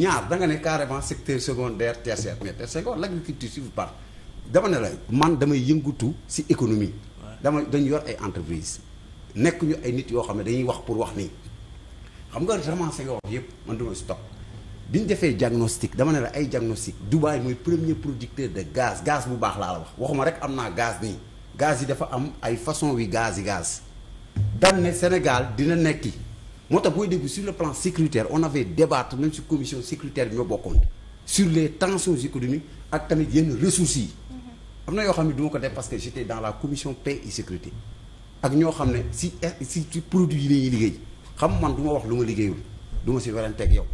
ñaar da nga ne carrément secteur secondaire tertiaire mais tertiaire l'agriculture suivre par dama ne la man damay yëngutu ci économie dama dañu yor ay entreprise nekk ñu ay nit yoo xam ne dañuy wax pour wax nii xam nga ramassé nga wax yëpp man du ma stop bi ñu defee diagnostic dama ne la ay diagnostic Dubaï mooy premier producteur de gaz gaz bu baax laa la wax waxuma rek am naa gaz nii gaz yi dafa am ay façon wi gaz yi gaz dan ne Sénégal dina nekki moo tax booy dégg sur le plan sécuritaire on avait débattu même si commission sécuritaire bi ñoo bokkoon sur les tensions économiques ak tamit yenn ressources yi. Mm-hmm. am na yoo xam ne du ko def parce que j' étais dans la commission paix et sécurité ak ñoo xam ne si si ci produit yi la ñuy liggéey xam man du ma wax lu ma liggéeyul du ma si weranteeg yow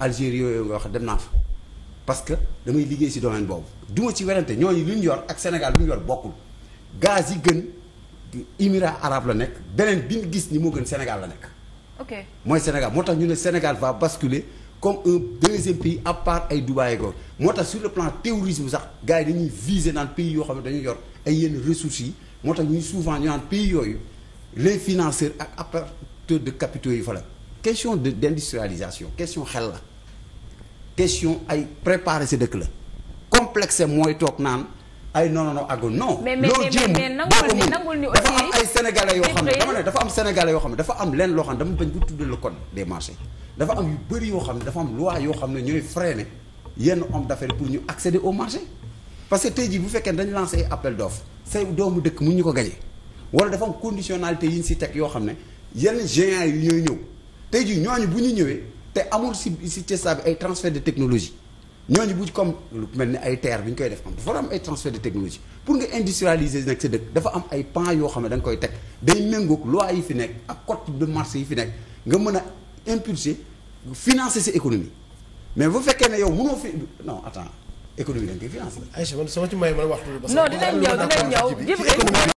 Algérie yooyu nga wax dem naa fa parce que damay liggéey si domaine boobu du ma si werante ñooñu lu ñu yor ak Sénégal lu ñu yor bokkul gaz yi gën Émirats arabes la nekk bi ñu gis ni moo gën Sénégal la nekk. ok mooy Sénégal moo tax ñu ne Sénégal va basculer comme un deuxième pays à part ay Dubaï ko moo tax sur le plan terrorisme sax gars yi dañuy viser naan pays yoo xam ne dañuy yor ay yenn ressources yi moo tax ñuy souvent ñu naan pays yooyu les financeurs ak apporteurs de capitaux yi fa la question de d'industrialisation question xel la question ay préparer sa dëkk la complexe mooy toog naan. ay non non àggoon non. loolu jéem boo ko mun dafa am ay sénégalais yoo xam ne dama ne dafa am sénégalais yoo xam ne dafa am leen loo xam ne dama bañ bu tuddee le code des marchés dafa am yu bëri yoo xam ne dafa am loi yoo xam ne ñooy freiner yenn om d'affaires pour ñu accéder au marché parce que tey jii bu fekkee dañu lancé ay appel d'offre say doomu dëkk mun ñu ko gañee wala dafa am conditionnalité yi ñu si teg yoo xam ne yenn géants yi ñooy ñëw tey jii ñooñu bu ñu ñëwee te amul si si Thiès ay transfert de technologie ñooñu bu comme lu mel ni ay terre bi ñu koy def am dafa am ay transfert de technologie pour nga industrialiser nag sa dëkk dafa am ay pan yoo xam ne da koy teg day méngoog loi yi fi nekk ak code de marché yi fi nekk nga mën a impulser financer sa économie mais bu fekkee ne yow mënoo fi non attends économie da nga koy financer. Aïcha man soo ci may